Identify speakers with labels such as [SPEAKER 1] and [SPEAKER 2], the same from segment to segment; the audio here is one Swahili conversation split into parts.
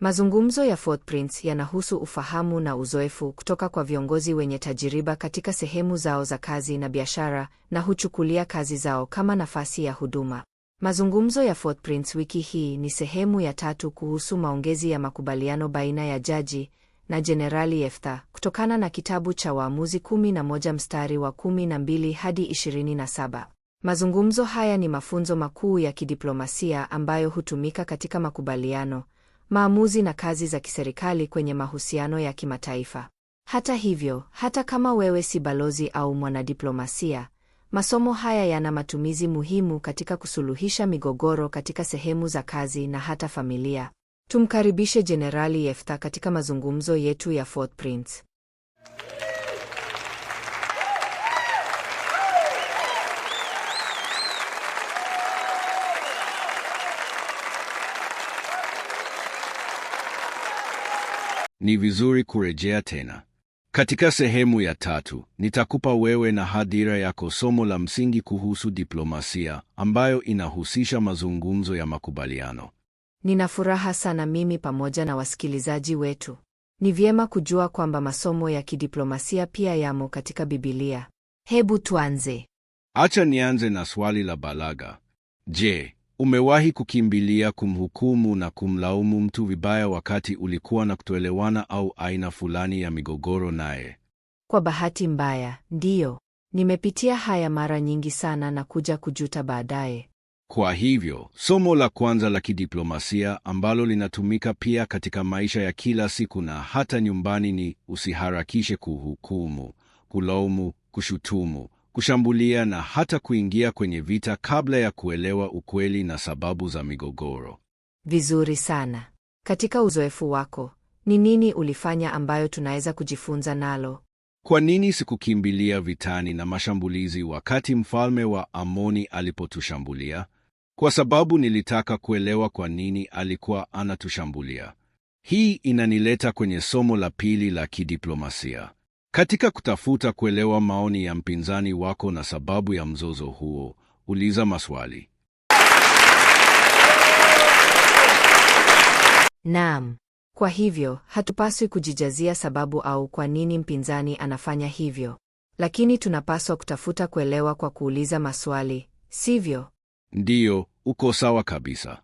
[SPEAKER 1] Mazungumzo ya Footprints yanahusu ufahamu na uzoefu kutoka kwa viongozi wenye tajiriba katika sehemu zao za kazi na biashara na huchukulia kazi zao kama nafasi ya huduma. Mazungumzo ya Footprints wiki hii ni sehemu ya tatu kuhusu maongezi ya makubaliano baina ya jaji na Jenerali Yeftha kutokana na kitabu cha Waamuzi 11 mstari wa 12 hadi 27. Mazungumzo haya ni mafunzo makuu ya kidiplomasia ambayo hutumika katika makubaliano maamuzi na kazi za kiserikali kwenye mahusiano ya kimataifa. Hata hivyo, hata kama wewe si balozi au mwanadiplomasia, masomo haya yana matumizi muhimu katika kusuluhisha migogoro katika sehemu za kazi na hata familia. Tumkaribishe Jenerali Yefta katika mazungumzo yetu ya Fort Prince.
[SPEAKER 2] ni vizuri kurejea tena. Katika sehemu ya tatu, nitakupa wewe na hadhira yako somo la msingi kuhusu diplomasia ambayo inahusisha mazungumzo ya makubaliano.
[SPEAKER 3] Nina furaha sana mimi pamoja na wasikilizaji wetu. Ni vyema kujua kwamba masomo ya kidiplomasia pia yamo katika Biblia. Hebu tuanze.
[SPEAKER 2] Acha nianze na swali la balagha. Je, Umewahi kukimbilia kumhukumu na kumlaumu mtu vibaya wakati ulikuwa na kutoelewana au aina fulani ya migogoro naye?
[SPEAKER 3] Kwa bahati mbaya, ndiyo. Nimepitia haya mara nyingi sana na kuja kujuta baadaye.
[SPEAKER 2] Kwa hivyo, somo la kwanza la kidiplomasia ambalo linatumika pia katika maisha ya kila siku na hata nyumbani ni usiharakishe kuhukumu, kulaumu, kushutumu kushambulia na hata kuingia kwenye vita kabla ya kuelewa ukweli na sababu za migogoro.
[SPEAKER 3] Vizuri sana. Katika uzoefu wako, ni nini ulifanya ambayo tunaweza kujifunza nalo?
[SPEAKER 2] Kwa nini sikukimbilia vitani na mashambulizi wakati mfalme wa Amoni alipotushambulia? Kwa sababu nilitaka kuelewa kwa nini alikuwa anatushambulia. Hii inanileta kwenye somo la pili la kidiplomasia. Katika kutafuta kuelewa maoni ya mpinzani wako na sababu ya mzozo huo, uliza maswali.
[SPEAKER 3] Naam. Kwa hivyo, hatupaswi kujijazia sababu au kwa nini mpinzani anafanya hivyo. Lakini tunapaswa kutafuta kuelewa kwa kuuliza maswali, sivyo?
[SPEAKER 2] Ndiyo, uko sawa kabisa.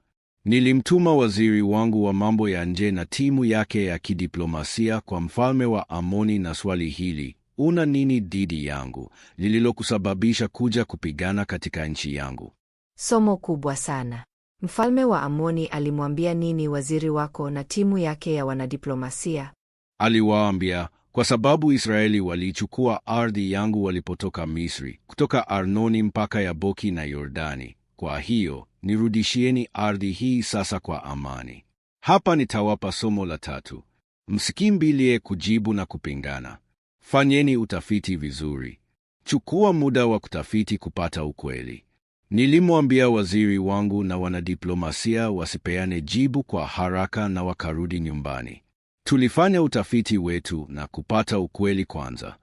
[SPEAKER 2] Nilimtuma waziri wangu wa mambo ya nje na timu yake ya kidiplomasia kwa mfalme wa Amoni na swali hili, una nini dhidi yangu, lililokusababisha kuja kupigana katika nchi yangu?
[SPEAKER 3] Somo kubwa sana. Mfalme wa Amoni alimwambia nini waziri wako na timu yake ya wanadiplomasia?
[SPEAKER 2] Aliwaambia, kwa sababu Israeli waliichukua ardhi yangu walipotoka Misri, kutoka Arnoni mpaka Yaboki na Yordani. Kwa hiyo nirudishieni ardhi hii sasa kwa amani. Hapa nitawapa somo la tatu: msikimbilie kujibu na kupingana. Fanyeni utafiti vizuri, chukua muda wa kutafiti kupata ukweli. Nilimwambia waziri wangu na wanadiplomasia wasipeane jibu kwa haraka, na wakarudi nyumbani. Tulifanya utafiti wetu na kupata ukweli kwanza.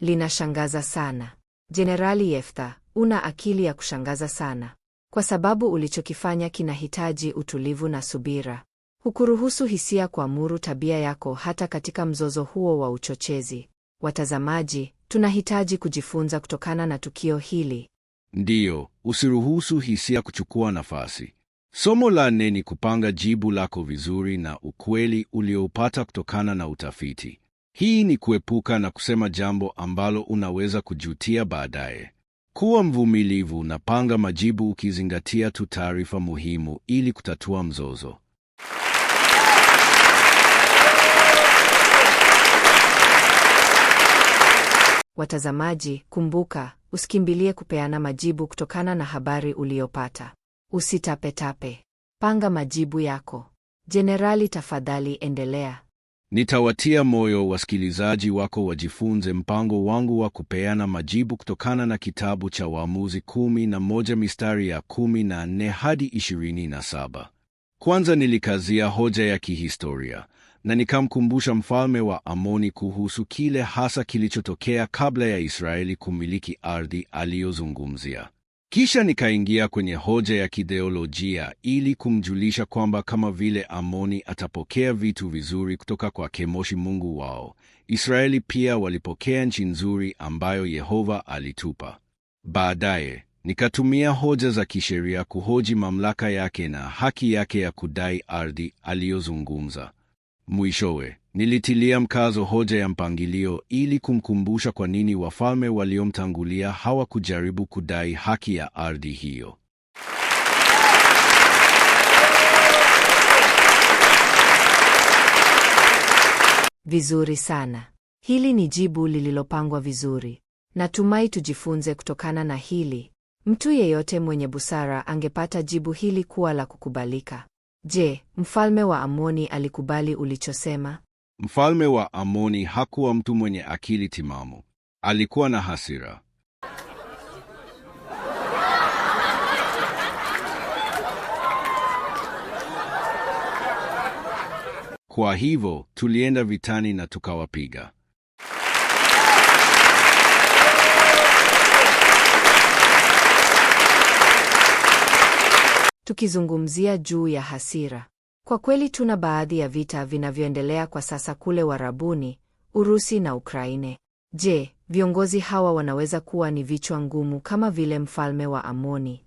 [SPEAKER 3] Linashangaza sana Jenerali Yefta, una akili ya kushangaza sana kwa sababu ulichokifanya kinahitaji utulivu na subira. Hukuruhusu hisia kuamuru tabia yako, hata katika mzozo huo wa uchochezi. Watazamaji, tunahitaji kujifunza kutokana na tukio hili.
[SPEAKER 2] Ndiyo, usiruhusu hisia kuchukua nafasi. Somo la nne ni kupanga jibu lako vizuri na ukweli ulioupata kutokana na utafiti. Hii ni kuepuka na kusema jambo ambalo unaweza kujutia baadaye. Kuwa mvumilivu na panga majibu ukizingatia tu taarifa muhimu ili kutatua mzozo.
[SPEAKER 3] Watazamaji, kumbuka, usikimbilie kupeana majibu kutokana na habari uliyopata. Usitapetape, panga majibu yako. Jenerali, tafadhali endelea.
[SPEAKER 2] Nitawatia moyo wasikilizaji wako wajifunze mpango wangu wa kupeana majibu kutokana na kitabu cha Waamuzi 11 mistari ya 14 hadi 27 Kwanza nilikazia hoja ya kihistoria na nikamkumbusha mfalme wa Amoni kuhusu kile hasa kilichotokea kabla ya Israeli kumiliki ardhi aliyozungumzia. Kisha nikaingia kwenye hoja ya kideolojia ili kumjulisha kwamba kama vile Amoni atapokea vitu vizuri kutoka kwa Kemoshi mungu wao, Israeli pia walipokea nchi nzuri ambayo Yehova alitupa. Baadaye nikatumia hoja za kisheria kuhoji mamlaka yake na haki yake ya kudai ardhi aliyozungumza. Mwishowe Nilitilia mkazo hoja ya mpangilio ili kumkumbusha kwa nini wafalme waliomtangulia hawakujaribu kudai haki ya ardhi hiyo.
[SPEAKER 3] Vizuri sana. Hili ni jibu lililopangwa vizuri. Natumai tujifunze kutokana na hili. Mtu yeyote mwenye busara angepata jibu hili kuwa la kukubalika. Je, mfalme wa Amoni alikubali ulichosema?
[SPEAKER 2] Mfalme wa Amoni hakuwa mtu mwenye akili timamu. Alikuwa na hasira. Kwa hivyo tulienda vitani na tukawapiga.
[SPEAKER 3] Tukizungumzia juu ya hasira, kwa kweli tuna baadhi ya vita vinavyoendelea kwa sasa kule Warabuni, Urusi na Ukraine. Je, viongozi hawa wanaweza kuwa ni vichwa ngumu kama vile mfalme wa Amoni?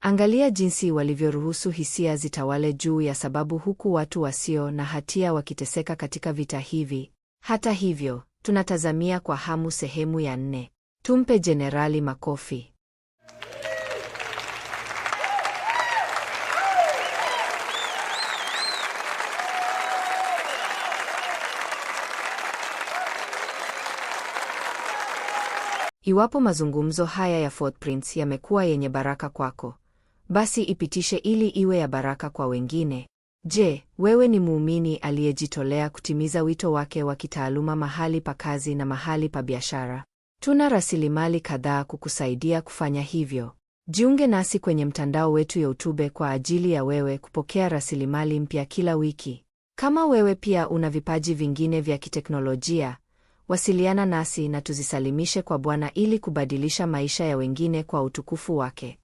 [SPEAKER 3] Angalia jinsi walivyoruhusu hisia zitawale juu ya sababu huku watu wasio na hatia wakiteseka katika vita hivi. Hata hivyo, tunatazamia kwa hamu sehemu ya nne. Tumpe jenerali makofi.
[SPEAKER 1] Iwapo mazungumzo haya ya Footprints yamekuwa yenye baraka kwako, basi ipitishe ili iwe ya baraka kwa wengine. Je, wewe ni muumini aliyejitolea kutimiza wito wake wa kitaaluma mahali pa kazi na mahali pa biashara? Tuna rasilimali kadhaa kukusaidia kufanya hivyo. Jiunge nasi kwenye mtandao wetu YouTube kwa ajili ya wewe kupokea rasilimali mpya kila wiki. Kama wewe pia una vipaji vingine vya kiteknolojia, wasiliana nasi na tuzisalimishe kwa Bwana ili kubadilisha maisha ya wengine kwa utukufu wake.